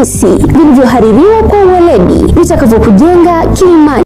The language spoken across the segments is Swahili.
jinsi vilivyohaririwa kwa uweledi vitakavyokujenga kiimani.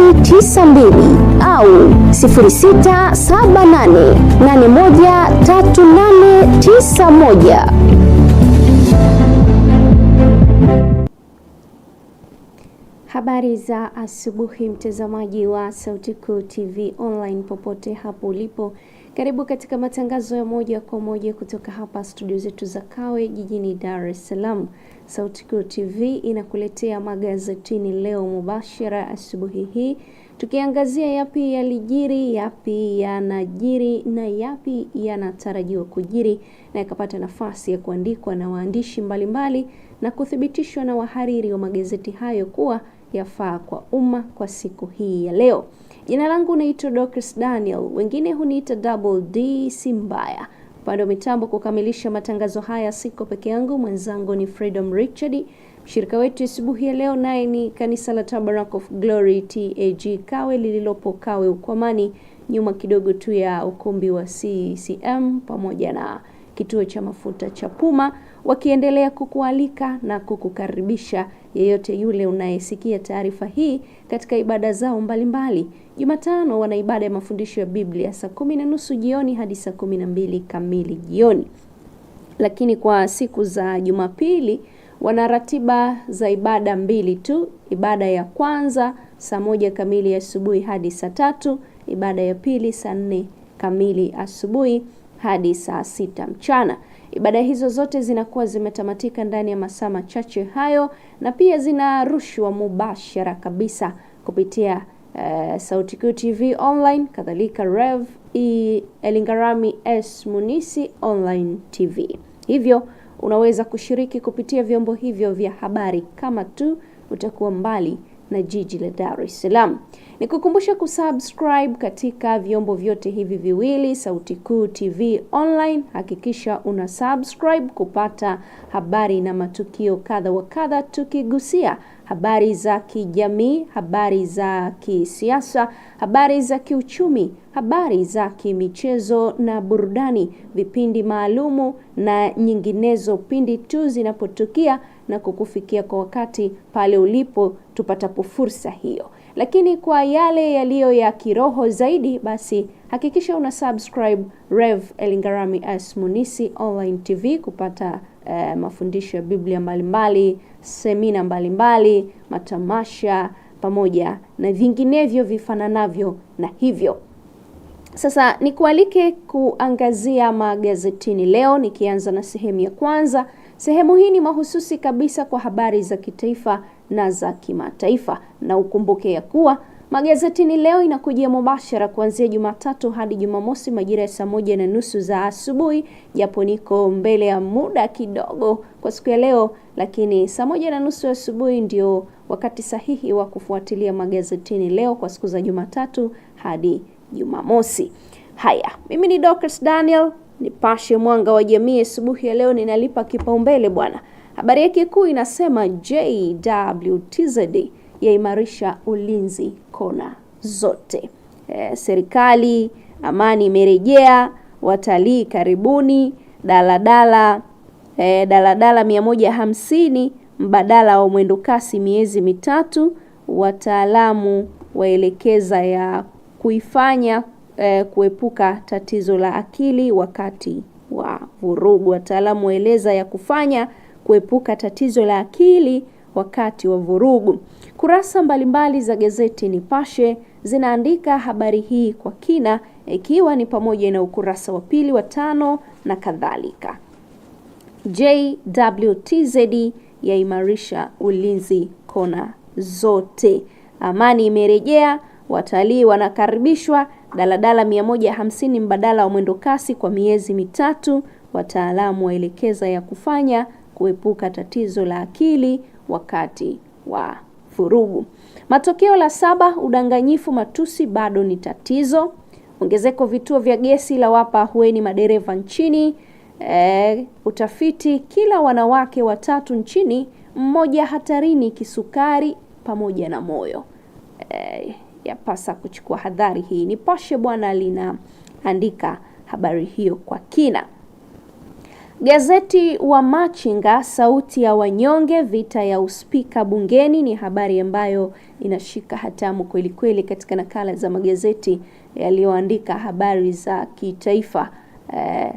92 au 0678813891. Habari za asubuhi, mtazamaji wa Sauti Kuu TV online popote hapo ulipo, karibu katika matangazo ya moja kwa moja kutoka hapa studio zetu za Kawe jijini Dar es Salaam. Sauti Kuu TV inakuletea magazetini leo mubashara asubuhi hii, tukiangazia yapi yalijiri, yapi yanajiri na yapi yanatarajiwa kujiri, na yakapata nafasi ya kuandikwa na waandishi mbalimbali mbali, na kuthibitishwa na wahariri wa magazeti hayo kuwa yafaa kwa umma kwa siku hii ya leo. Jina langu naitwa Dorcas Daniel, wengine huniita Double D Simbaya. Upande wa mitambo kukamilisha matangazo haya siko peke yangu, mwenzangu ni Freedom Richard. Mshirika wetu asubuhi ya leo naye ni kanisa la Tabernacle of Glory TAG Kawe lililopo Kawe Ukwamani, nyuma kidogo tu ya ukumbi wa CCM pamoja na kituo cha mafuta cha Puma, wakiendelea kukualika na kukukaribisha yeyote yule unayesikia taarifa hii katika ibada zao mbalimbali. Jumatano wana ibada ya mafundisho ya Biblia saa kumi na nusu jioni hadi saa kumi na mbili kamili jioni, lakini kwa siku za Jumapili wana ratiba za ibada mbili tu. Ibada ya kwanza saa moja kamili asubuhi hadi saa tatu, ibada ya pili saa nne kamili asubuhi hadi saa sita mchana. Ibada hizo zote zinakuwa zimetamatika ndani ya masaa machache hayo, na pia zinarushwa mubashara kabisa kupitia Uh, Sauti Kuu TV online, kadhalika Rev E Elingarami S Munisi online TV. Hivyo unaweza kushiriki kupitia vyombo hivyo vya habari kama tu utakuwa mbali na jiji la Dar es Salaam. Nikukumbusha kusubscribe katika vyombo vyote hivi viwili, Sauti Kuu TV Online. Hakikisha una subscribe kupata habari na matukio kadha wa kadha, tukigusia habari za kijamii, habari za kisiasa, habari za kiuchumi habari za kimichezo na burudani, vipindi maalumu na nyinginezo pindi tu zinapotukia na kukufikia kwa wakati pale ulipo tupatapo fursa hiyo. Lakini kwa yale yaliyo ya kiroho zaidi, basi hakikisha una subscribe Rev Elingarami S Munisi Online TV kupata eh, mafundisho ya Biblia mbalimbali, semina mbalimbali, matamasha pamoja na vinginevyo vifananavyo na hivyo. Sasa nikualike kuangazia magazetini leo, nikianza na sehemu ya kwanza. Sehemu hii ni mahususi kabisa kwa habari za kitaifa na za kimataifa, na ukumbuke ya kuwa magazetini leo inakujia mubashara kuanzia Jumatatu hadi Jumamosi majira ya saa moja na nusu za asubuhi, japo niko mbele ya muda kidogo kwa siku ya leo, lakini saa moja na nusu asubuhi ndio wakati sahihi wa kufuatilia magazetini leo kwa siku za Jumatatu hadi Jumamosi. Haya, mimi ni Dorcas Daniel, nipashe mwanga wa jamii. Asubuhi ya leo ninalipa kipaumbele bwana, habari yake kuu inasema JWTZ yaimarisha ulinzi kona zote. E, serikali amani imerejea, watalii karibuni, daladala e, daladala 150 mbadala wa mwendo kasi miezi mitatu, wataalamu waelekeza ya kuifanya eh, kuepuka tatizo la akili wakati wa vurugu. Wataalamu waeleza ya kufanya kuepuka tatizo la akili wakati wa vurugu. Kurasa mbalimbali za gazeti Nipashe zinaandika habari hii kwa kina, ikiwa ni pamoja na ukurasa wa pili, wa tano na kadhalika. JWTZ yaimarisha ulinzi kona zote. Amani imerejea Watalii wanakaribishwa daladala 150 mbadala wa mwendo kasi kwa miezi mitatu. Wataalamu waelekeza ya kufanya kuepuka tatizo la akili wakati wa vurugu. Matokeo la saba, udanganyifu, matusi bado ni tatizo. Ongezeko vituo vya gesi la wapa hueni madereva nchini. E, utafiti kila wanawake watatu nchini mmoja hatarini kisukari pamoja na moyo. E, yapasa kuchukua hadhari hii. Nipashe bwana linaandika habari hiyo kwa kina. Gazeti wa Machinga, sauti ya wanyonge, vita ya uspika bungeni, ni habari ambayo inashika hatamu kweli kweli katika nakala za magazeti yaliyoandika habari za kitaifa. Eh,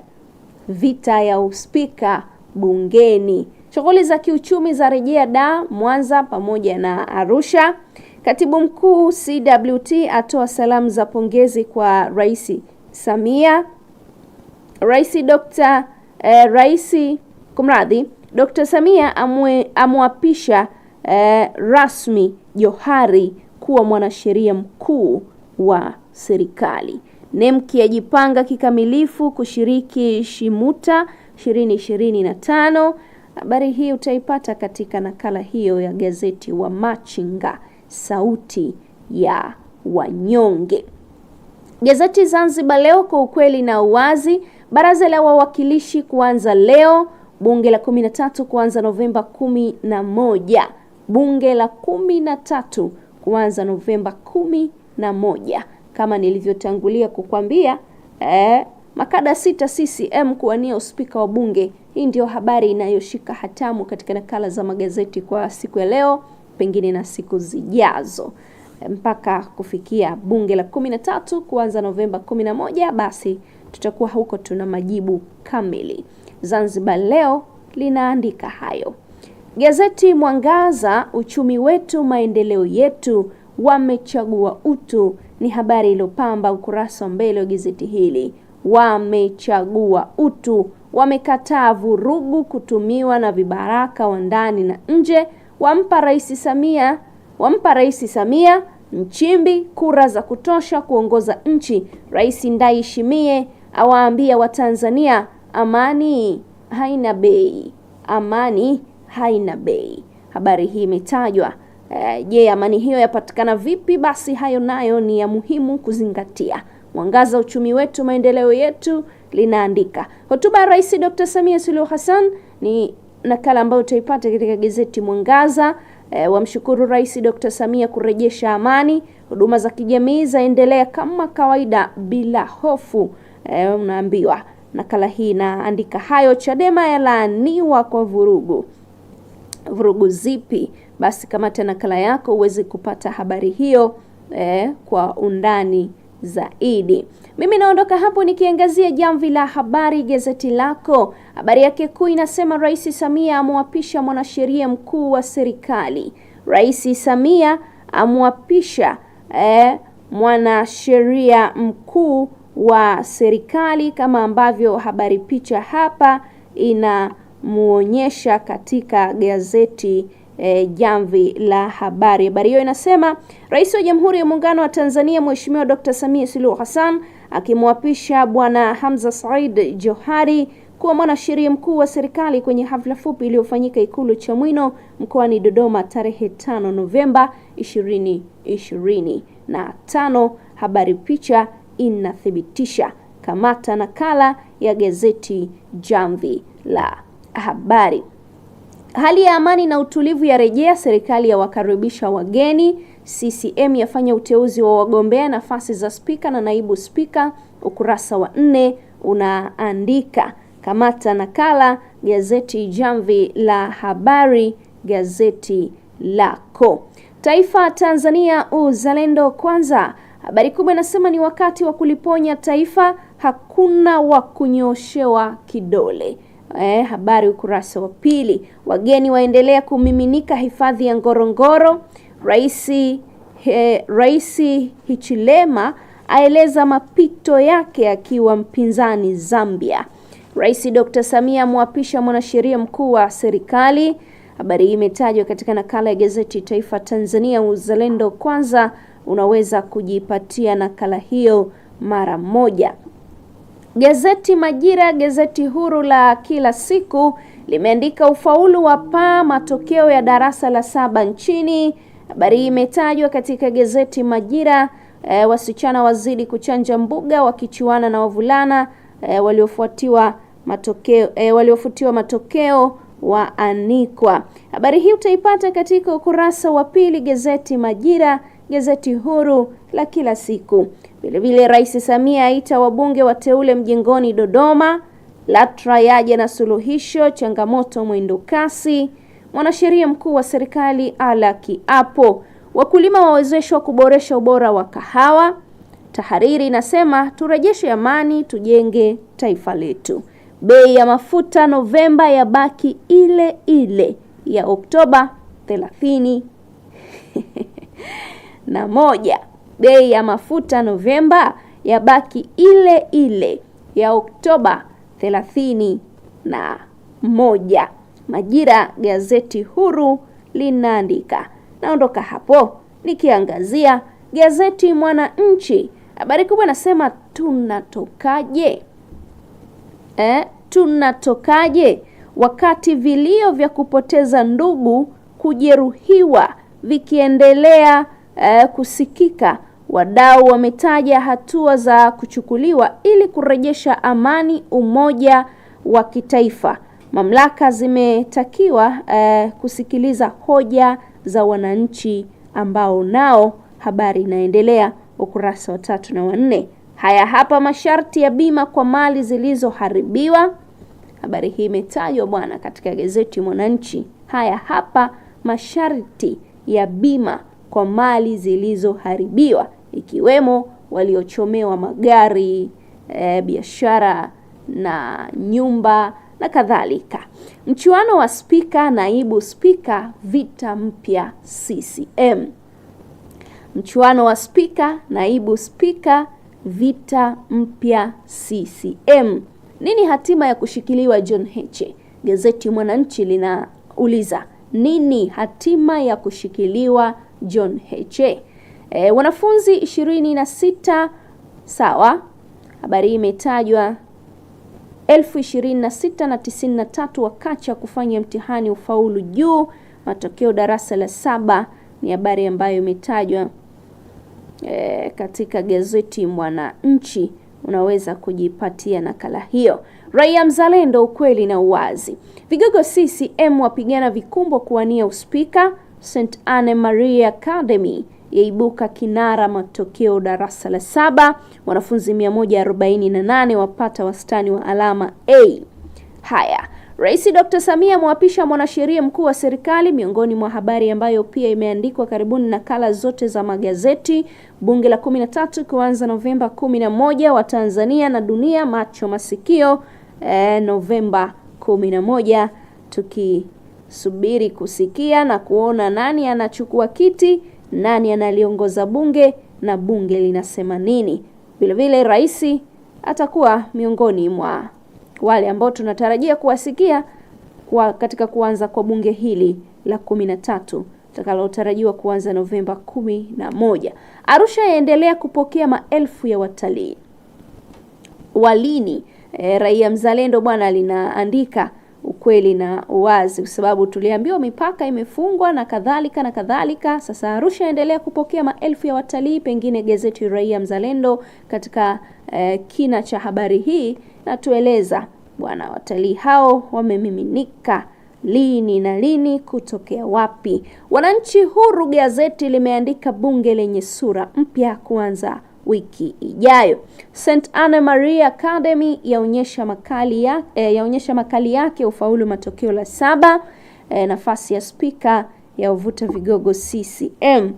vita ya uspika bungeni, shughuli za kiuchumi za rejea da Mwanza pamoja na Arusha. Katibu Mkuu CWT atoa salamu za pongezi kwa Rais Samia. Rais Dr. eh, Rais kumradhi, Dr. Samia amwapisha eh, rasmi Johari kuwa mwanasheria mkuu wa serikali. Nemki yajipanga kikamilifu kushiriki Shimuta 2025. Habari hii utaipata katika nakala hiyo ya gazeti wa Machinga sauti ya wanyonge. Gazeti Zanzibar Leo, kwa ukweli na uwazi. Baraza la Wawakilishi kuanza leo, bunge la 13 kuanza Novemba 11, bunge la 13 kuanza Novemba 11. Kama nilivyotangulia kukwambia eh, makada sita CCM kuwania uspika wa bunge. Hii ndiyo habari inayoshika hatamu katika nakala za magazeti kwa siku ya leo pengine na siku zijazo eh, mpaka kufikia bunge la kumi na tatu kuanza Novemba kumi na moja, basi tutakuwa huko tuna majibu kamili. Zanzibar Leo linaandika hayo. Gazeti Mwangaza, uchumi wetu maendeleo yetu, wamechagua utu, ni habari iliyopamba ukurasa wa mbele wa gazeti hili. Wamechagua utu, wamekataa vurugu kutumiwa na vibaraka wa ndani na nje wampa Rais Samia wampa Rais Samia Mchimbi kura za kutosha kuongoza nchi. Rais Ndayishimiye awaambia Watanzania amani haina bei, amani haina bei. Habari hii imetajwa eh, je? Uh, amani hiyo yapatikana vipi? Basi hayo nayo ni ya muhimu kuzingatia. Mwangaza uchumi wetu maendeleo yetu linaandika hotuba ya Rais Dr. Samia Suluhu Hassan ni nakala ambayo utaipata katika gazeti Mwangaza. E, wamshukuru Rais Dr. Samia kurejesha amani, huduma za kijamii zaendelea kama kawaida bila hofu. E, unaambiwa nakala hii inaandika hayo. Chadema yalaaniwa kwa vurugu. Vurugu zipi? Basi kamata nakala yako uweze kupata habari hiyo e, kwa undani zaidi. Mimi naondoka hapo nikiangazia jamvi la habari gazeti lako. Habari yake kuu inasema Rais Samia amwapisha mwanasheria mkuu wa serikali. Rais Samia amwapisha eh, mwanasheria mkuu wa serikali kama ambavyo habari picha hapa inamuonyesha katika gazeti E, jamvi la habari. Habari hiyo inasema Rais wa Jamhuri ya Muungano wa Tanzania Mheshimiwa Dr. Samia Suluhu Hassan akimwapisha Bwana Hamza Said Johari kuwa mwanasheria mkuu wa serikali kwenye hafla fupi iliyofanyika Ikulu Chamwino mkoani Dodoma tarehe 5 Novemba 2025. Habari picha inathibitisha. Kamata nakala ya gazeti Jamvi la Habari. Hali ya amani na utulivu yarejea, serikali yawakaribisha wageni. CCM yafanya uteuzi wa wagombea nafasi za spika na naibu spika. Ukurasa wa nne unaandika kamata nakala gazeti Jamvi la Habari, gazeti lako Taifa Tanzania, uzalendo kwanza. Habari kubwa inasema ni wakati wa kuliponya taifa, hakuna wa kunyoshewa kidole eh, habari ukurasa wa pili. Wageni waendelea kumiminika hifadhi ya Ngorongoro. Rais eh, Rais Hichilema aeleza mapito yake akiwa mpinzani Zambia. Rais Dr. Samia amwapisha mwanasheria mkuu wa serikali. Habari hii imetajwa katika nakala ya gazeti Taifa Tanzania Uzalendo Kwanza. Unaweza kujipatia nakala hiyo mara moja. Gazeti Majira, gazeti huru la kila siku, limeandika ufaulu wa paa matokeo ya darasa la saba nchini. Habari hii imetajwa katika gazeti Majira. E, wasichana wazidi kuchanja mbuga wakichuana na wavulana e, waliofuatiwa matokeo e, waliofutiwa matokeo waanikwa. Habari hii utaipata katika ukurasa wa pili gazeti Majira, gazeti huru la kila siku. Vilevile, Rais Samia aita wabunge wateule mjengoni Dodoma. LATRA yaja na suluhisho changamoto mwendo kasi. Mwanasheria mkuu wa serikali ala kiapo. Wakulima wawezeshwa kuboresha ubora wa kahawa. Tahariri inasema turejeshe amani, tujenge taifa letu. Bei ya mafuta Novemba ya baki ile ile ya Oktoba 30 na moja bei ya mafuta Novemba yabaki ile ile ya Oktoba 30 na moja. Majira gazeti huru linaandika. Naondoka hapo nikiangazia gazeti Mwananchi, habari kubwa nasema tunatokaje? Eh, tunatokaje wakati vilio vya kupoteza ndugu, kujeruhiwa vikiendelea eh, kusikika. Wadau wametaja hatua za kuchukuliwa ili kurejesha amani, umoja wa kitaifa. Mamlaka zimetakiwa eh, kusikiliza hoja za wananchi ambao nao, habari inaendelea ukurasa wa tatu na wanne. Haya hapa masharti ya bima kwa mali zilizoharibiwa. Habari hii imetajwa bwana katika gazeti Mwananchi. Haya hapa masharti ya bima kwa mali zilizoharibiwa ikiwemo waliochomewa magari, e, biashara na nyumba na kadhalika. Mchuano wa spika naibu spika, vita mpya CCM. Mchuano wa spika naibu spika, vita mpya CCM. Nini hatima ya kushikiliwa John Heche? Gazeti Mwananchi linauliza nini hatima ya kushikiliwa John Heche. E, wanafunzi 26 sawa, habari hii imetajwa 26,093 wakacha kufanya mtihani ufaulu juu, matokeo darasa la saba, ni habari ambayo imetajwa e, katika gazeti Mwananchi. Unaweza kujipatia nakala hiyo. Raia Mzalendo, ukweli na uwazi. Vigogo CCM wapigana vikumbo kuwania uspika. St Anne Marie Academy yaibuka kinara matokeo darasa la saba, wanafunzi 148 wapata wastani wa alama A. Haya, Rais Dr. Samia mwapisha mwanasheria mkuu wa serikali, miongoni mwa habari ambayo pia imeandikwa karibuni nakala zote za magazeti. Bunge la 13 kuanza Novemba 11, wa Tanzania na dunia macho masikio, eh, Novemba 11 tuki Subiri kusikia na kuona nani anachukua kiti, nani analiongoza bunge na bunge linasema nini. Vilevile rais atakuwa miongoni mwa wale ambao tunatarajia kuwasikia kwa katika kuanza kwa bunge hili la kumi na tatu takalotarajiwa kuanza Novemba kumi na moja. Arusha yaendelea kupokea maelfu ya watalii. Walini, e, Raia Mzalendo bwana linaandika ukweli na uwazi, kwa sababu tuliambiwa mipaka imefungwa na kadhalika na kadhalika. Sasa Arusha endelea kupokea maelfu ya watalii, pengine gazeti Raia Mzalendo katika eh, kina cha habari hii natueleza bwana, watalii hao wamemiminika lini na lini, kutokea wapi? Wananchi Huru gazeti limeandika bunge lenye sura mpya kuanza wiki ijayo. St Anne Marie Academy yaonyesha makali, ya, eh, yaonyesha makali yake ufaulu matokeo la saba. Eh, nafasi ya spika ya uvuta vigogo CCM.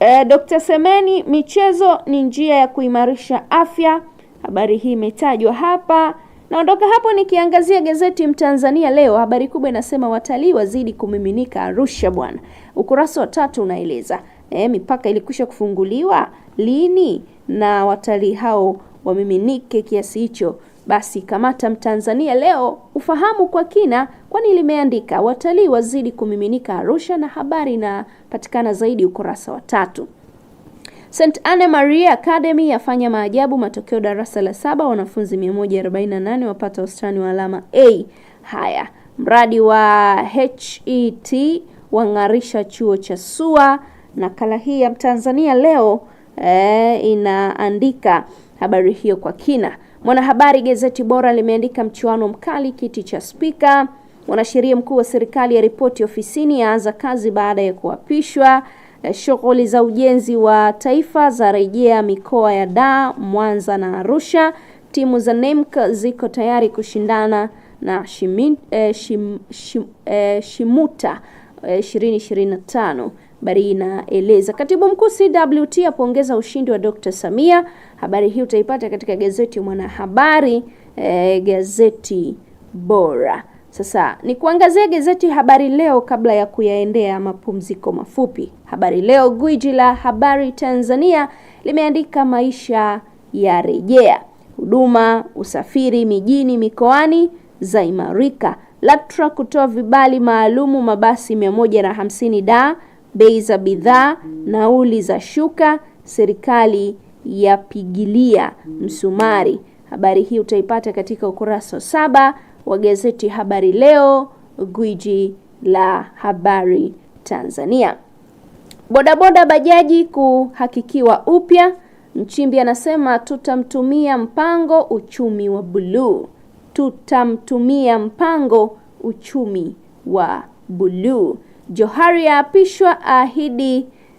Eh, Dr. Semeni, michezo ni njia ya kuimarisha afya. Habari hii imetajwa hapa. Naondoka hapo nikiangazia gazeti Mtanzania leo. Habari kubwa inasema watalii wazidi kumiminika Arusha bwana. Ukurasa wa tatu unaeleza e, mipaka ilikwisha kufunguliwa lini na watalii hao wamiminike kiasi hicho? Basi kamata Mtanzania leo ufahamu kwa kina, kwani limeandika watalii wazidi kumiminika Arusha, na habari inapatikana zaidi ukurasa wa tatu. St Anne Maria Academy yafanya maajabu, matokeo darasa la saba, wanafunzi 148 wapata wastani wa alama A. Haya, mradi wa HET wang'arisha chuo cha SUA. Nakala hii ya Mtanzania leo e, inaandika habari hiyo kwa kina. Mwanahabari gazeti Bora limeandika mchuano mkali kiti cha spika, mwanasheria mkuu wa serikali ya ripoti ofisini yaanza kazi baada ya kuapishwa. Eh, shughuli za ujenzi wa taifa za rejea mikoa ya Dar, Mwanza na Arusha. Timu za NEMC ziko tayari kushindana na Shimin, eh, shim, shim, eh, Shimuta e, eh, 2025. Habari inaeleza katibu mkuu CWT apongeza ushindi wa Dr. Samia. Habari hii utaipata katika gazeti Mwanahabari, eh, gazeti bora. Sasa ni kuangazia gazeti Habari Leo kabla ya kuyaendea mapumziko mafupi. Habari Leo, gwiji la habari Tanzania, limeandika maisha ya rejea, huduma usafiri mijini mikoani zaimarika, LATRA kutoa vibali maalumu mabasi 150 da bei za bidhaa, nauli za shuka, serikali yapigilia msumari. Habari hii utaipata katika ukurasa wa saba wa gazeti Habari Leo, gwiji la habari Tanzania. Bodaboda bajaji kuhakikiwa upya. mchimbi anasema tutamtumia mpango uchumi wa buluu, tutamtumia mpango uchumi wa buluu. Johari aapishwa ahidi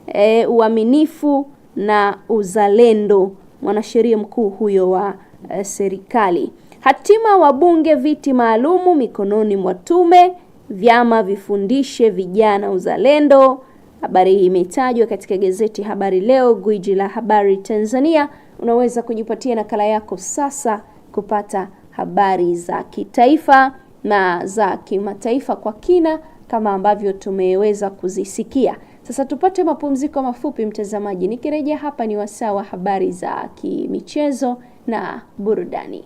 e, eh, uaminifu na uzalendo, mwanasheria mkuu huyo wa e, serikali. Hatima wa bunge viti maalumu mikononi mwa tume, vyama vifundishe vijana uzalendo. Habari hii imetajwa katika gazeti Habari Leo, gwiji la habari Tanzania. Unaweza kujipatia nakala yako sasa kupata habari za kitaifa na za kimataifa kwa kina kama ambavyo tumeweza kuzisikia. Sasa tupate mapumziko mafupi, mtazamaji. Nikirejea hapa ni wasaa wa habari za kimichezo na burudani.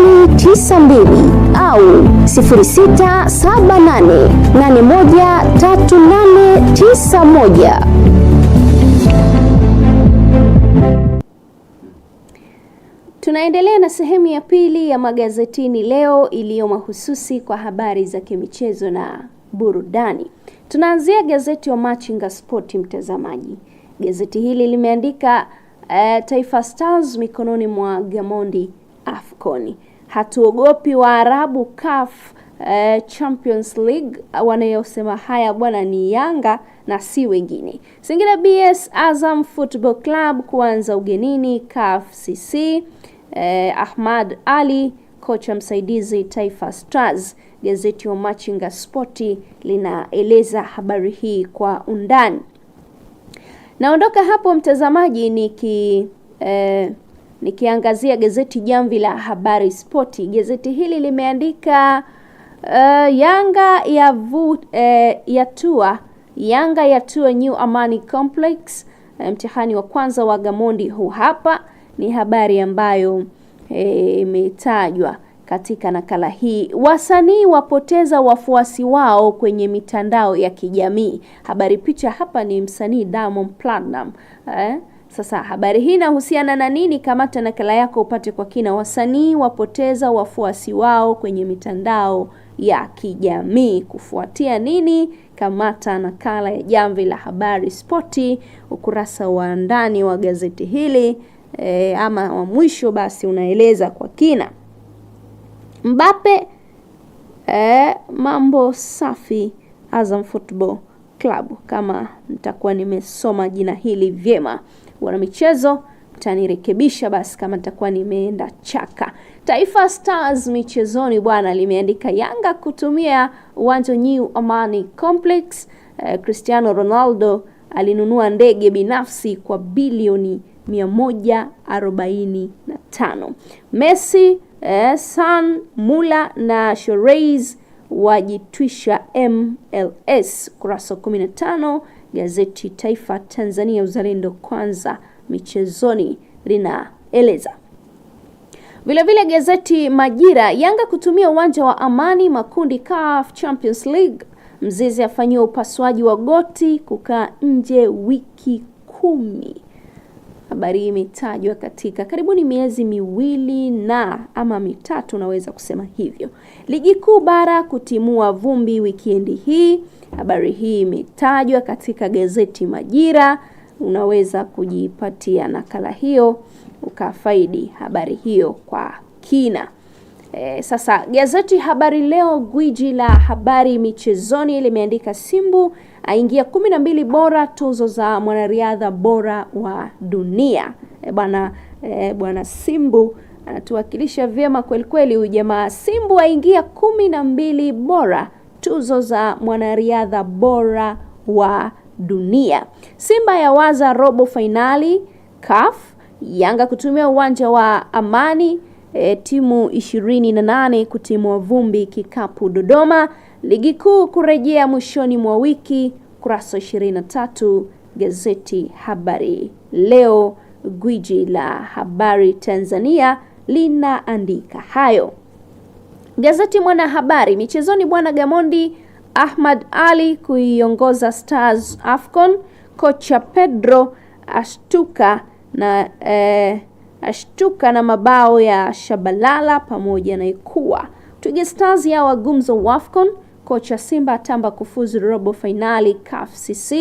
92 au 0678813891. Tunaendelea na sehemu ya pili ya magazetini leo iliyo mahususi kwa habari za kimichezo na burudani. Tunaanzia gazeti wa Machinga Sport, mtazamaji. Gazeti hili limeandika uh, Taifa Stars mikononi mwa Gamondi afconi hatuogopi Waarabu CAF eh, Champions League wanayosema haya bwana ni Yanga na si wengine. Singida BS Azam Football Club kuanza ugenini CAF CC eh, Ahmad Ali kocha msaidizi Taifa Stars. Gazeti wa Machinga Sporti linaeleza habari hii kwa undani. Naondoka hapo mtazamaji, niki eh, Nikiangazia gazeti Jamvi la Habari Spoti, gazeti hili limeandika uh, Yanga ya vu, uh, eh, yatua Yanga yatua New Amani Complex. Uh, mtihani wa kwanza wa Gamondi huu hapa, ni habari ambayo imetajwa eh, katika nakala hii. Wasanii wapoteza wafuasi wao kwenye mitandao ya kijamii. Habari picha hapa ni msanii Diamond Platnumz eh? Sasa habari hii inahusiana na nini? Kamata nakala yako upate kwa kina. Wasanii wapoteza wafuasi wao kwenye mitandao ya kijamii kufuatia nini? Kamata nakala ya Jamvi la Habari Spoti, ukurasa wa ndani wa gazeti hili e, ama wa mwisho, basi unaeleza kwa kina. Mbappe e, mambo safi Azam Football Club, kama nitakuwa nimesoma jina hili vyema michezo tanirekebisha basi kama nitakuwa nimeenda chaka. Taifa Stars michezoni bwana limeandika Yanga kutumia uwanja New Amani Complex. Eh, Cristiano Ronaldo alinunua ndege binafsi kwa bilioni 145. Messi, eh, San Mula na Shoreis wajitwisha MLS kurasa 15 Gazeti Taifa Tanzania, Uzalendo Kwanza, michezoni linaeleza vilevile gazeti Majira, Yanga kutumia uwanja wa Amani makundi CAF Champions League, Mzizi afanyiwa upasuaji wa goti kukaa nje wiki kumi. Habari hii imetajwa katika karibuni miezi miwili na ama mitatu, unaweza kusema hivyo. Ligi kuu bara kutimua vumbi wikendi hii Habari hii imetajwa katika gazeti Majira, unaweza kujipatia nakala hiyo ukafaidi habari hiyo kwa kina. E, sasa gazeti Habari Leo, gwiji la habari michezoni, limeandika Simbu aingia 12 bora tuzo za mwanariadha bora wa dunia. E, bwana e, bwana Simbu anatuwakilisha vyema kwelikweli. Huyu jamaa Simbu aingia kumi na mbili bora tuzo za mwanariadha bora wa dunia. Simba ya waza robo fainali CAF. Yanga kutumia uwanja wa Amani e, timu 28 kutimua vumbi kikapu Dodoma. Ligi kuu kurejea mwishoni mwa wiki. Kurasa 23 gazeti Habari Leo, gwiji la habari Tanzania linaandika hayo. Gazeti Mwanahabari. Michezoni, bwana Gamondi Ahmad Ali kuiongoza Stars Afcon. Kocha Pedro ashtuka na eh, ashtuka na mabao ya Shabalala pamoja na Ikua. Twiga Stars ya wagumzo Afcon. Kocha Simba atamba kufuzu robo fainali CAF CC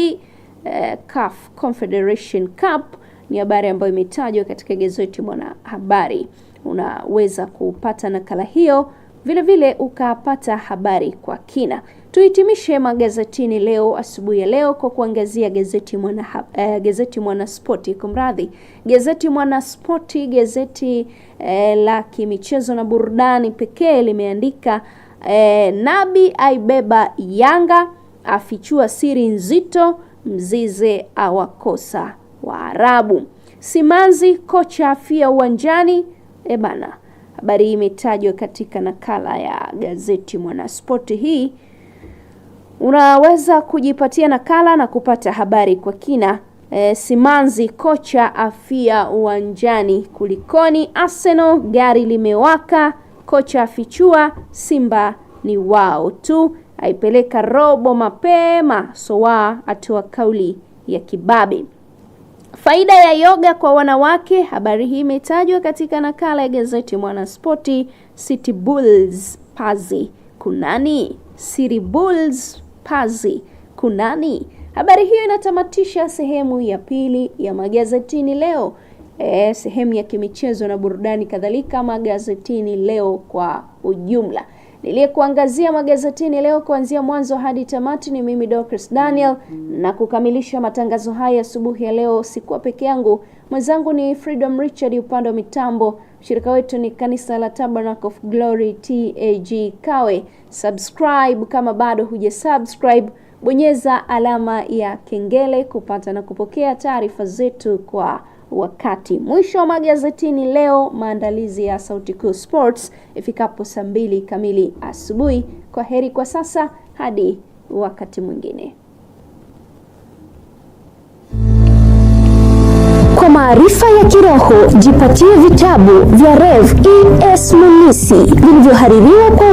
eh, CAF Confederation Cup ni habari ambayo imetajwa katika gazeti Mwanahabari. Unaweza kupata nakala hiyo vilevile ukapata habari kwa kina. Tuhitimishe magazetini leo asubuhi ya leo kwa kuangazia gazeti Mwana eh, gazeti Mwanaspoti, kumradhi, gazeti Mwanaspoti, gazeti eh, la kimichezo na burudani pekee limeandika eh, Nabi aibeba Yanga, afichua siri nzito, Mzize awakosa Waarabu, simanzi kocha afia uwanjani. Ebana, eh, Habari hii imetajwa katika nakala ya gazeti Mwanaspoti. Hii unaweza kujipatia nakala na kupata habari kwa kina. E, simanzi kocha afia uwanjani, kulikoni Arsenal gari limewaka, kocha afichua Simba ni wao tu, aipeleka robo mapema, Soa atoa kauli ya kibabe. Faida ya yoga kwa wanawake. Habari hii imetajwa katika nakala ya gazeti Mwanaspoti. City Bulls Pazi kunani? City Bulls Pazi kunani? Habari hiyo inatamatisha sehemu ya pili ya magazetini leo. E, sehemu ya kimichezo na burudani kadhalika magazetini leo kwa ujumla niliyekuangazia magazetini leo kuanzia mwanzo hadi tamati. Ni mimi Dorcas Daniel, na kukamilisha matangazo haya asubuhi ya leo sikuwa peke yangu, mwenzangu ni Freedom Richard upande wa mitambo. Mshirika wetu ni kanisa la Tabernacle of Glory TAG Kawe. Subscribe kama bado huja subscribe, bonyeza alama ya kengele kupata na kupokea taarifa zetu kwa wakati. Mwisho wa magazetini leo, maandalizi ya Sauti Kuu Sports ifikapo saa mbili kamili asubuhi. Kwa heri kwa sasa, hadi wakati mwingine. Kwa maarifa ya kiroho jipatie vitabu vya Rev E S Munisi vilivyohaririwa kwa